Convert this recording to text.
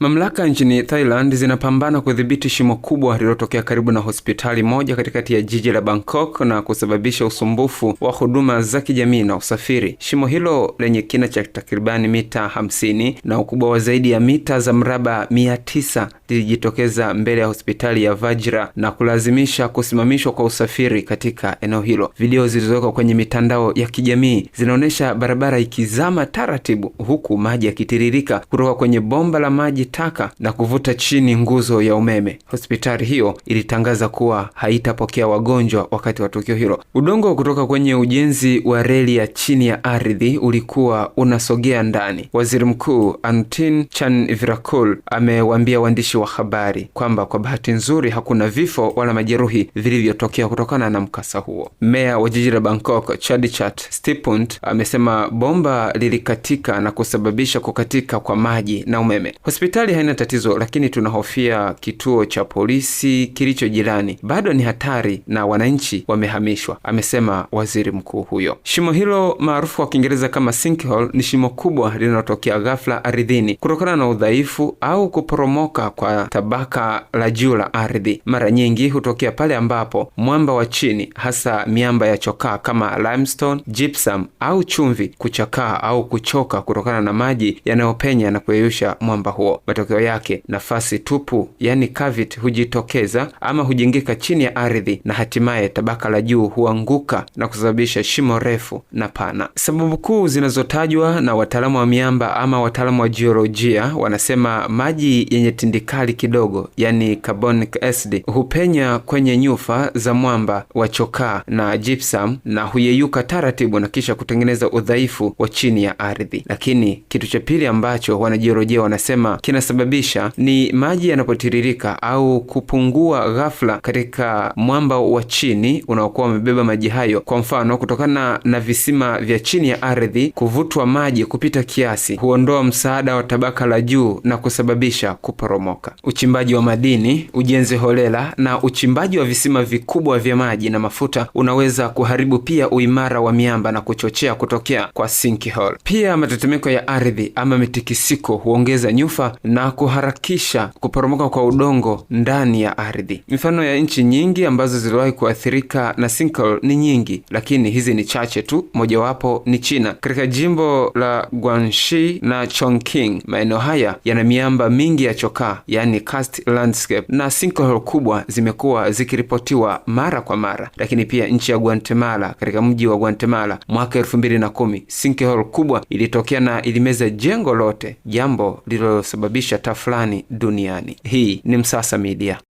Mamlaka nchini Thailand zinapambana kudhibiti shimo kubwa lililotokea karibu na hospitali moja katikati ya jiji la Bangkok na kusababisha usumbufu wa huduma za kijamii na usafiri. Shimo hilo lenye kina cha takribani mita 50 na ukubwa wa zaidi ya mita za mraba 900 lilijitokeza mbele ya hospitali ya Vajra na kulazimisha kusimamishwa kwa usafiri katika eneo hilo. Video zilizowekwa kwenye mitandao ya kijamii zinaonyesha barabara ikizama taratibu, huku maji yakitiririka kutoka kwenye bomba la maji taka na kuvuta chini nguzo ya umeme. Hospitali hiyo ilitangaza kuwa haitapokea wagonjwa wakati wa tukio hilo. Udongo kutoka kwenye ujenzi wa reli ya chini ya ardhi ulikuwa unasogea ndani. Waziri Mkuu Antin Chanvirakul amewaambia waandishi wa habari kwamba kwa bahati nzuri hakuna vifo wala majeruhi vilivyotokea kutokana na mkasa huo. Meya wa jiji la Bangkok Chadichat Stipunt amesema bomba lilikatika na kusababisha kukatika kwa maji na umeme. Hospitali Hospitali haina tatizo, lakini tunahofia kituo cha polisi kilicho jirani bado ni hatari na wananchi wamehamishwa, amesema waziri mkuu huyo. Shimo hilo maarufu kwa Kiingereza kama sinkhole ni shimo kubwa linalotokea ghafla ardhini kutokana na udhaifu au kuporomoka kwa tabaka la juu la ardhi. Mara nyingi hutokea pale ambapo mwamba wa chini, hasa miamba ya chokaa kama limestone, gypsum au chumvi, kuchakaa au kuchoka kutokana na maji yanayopenya na kuyeyusha mwamba huo. Matokeo yake nafasi tupu, yani cavit hujitokeza ama hujingika chini ya ardhi na hatimaye tabaka la juu huanguka na kusababisha shimo refu na pana. Sababu kuu zinazotajwa na wataalamu wa miamba ama wataalamu wa jiolojia wanasema maji yenye tindikali kidogo, yani carbonic acid, hupenya kwenye nyufa za mwamba wa chokaa na gypsum na huyeyuka taratibu na kisha kutengeneza udhaifu wa chini ya ardhi. Lakini kitu cha pili ambacho wanajiolojia wanasema kina kinasababisha ni maji yanapotiririka au kupungua ghafla katika mwamba wa chini unaokuwa umebeba maji hayo. Kwa mfano, kutokana na visima vya chini ya ardhi kuvutwa maji kupita kiasi, huondoa msaada wa tabaka la juu na kusababisha kuporomoka. Uchimbaji wa madini, ujenzi holela na uchimbaji wa visima vikubwa vya maji na mafuta unaweza kuharibu pia uimara wa miamba na kuchochea kutokea kwa sinkhole. Pia matetemeko ya ardhi ama mitikisiko huongeza nyufa na kuharakisha kuporomoka kwa udongo ndani ya ardhi. Mifano ya nchi nyingi ambazo ziliwahi kuathirika na sinkhole ni nyingi, lakini hizi ni chache tu. Mojawapo ni China katika jimbo la Guangxi na Chongqing. Maeneo haya yana miamba mingi ya chokaa, yani karst landscape, na sinkhole kubwa zimekuwa zikiripotiwa mara kwa mara. Lakini pia nchi ya Guatemala, katika mji wa Guatemala mwaka elfu mbili na kumi sinkhole kubwa ilitokea na ilimeza jengo lote, jambo lililosababisha kusababisha tafulani duniani. Hii ni Msasa Media.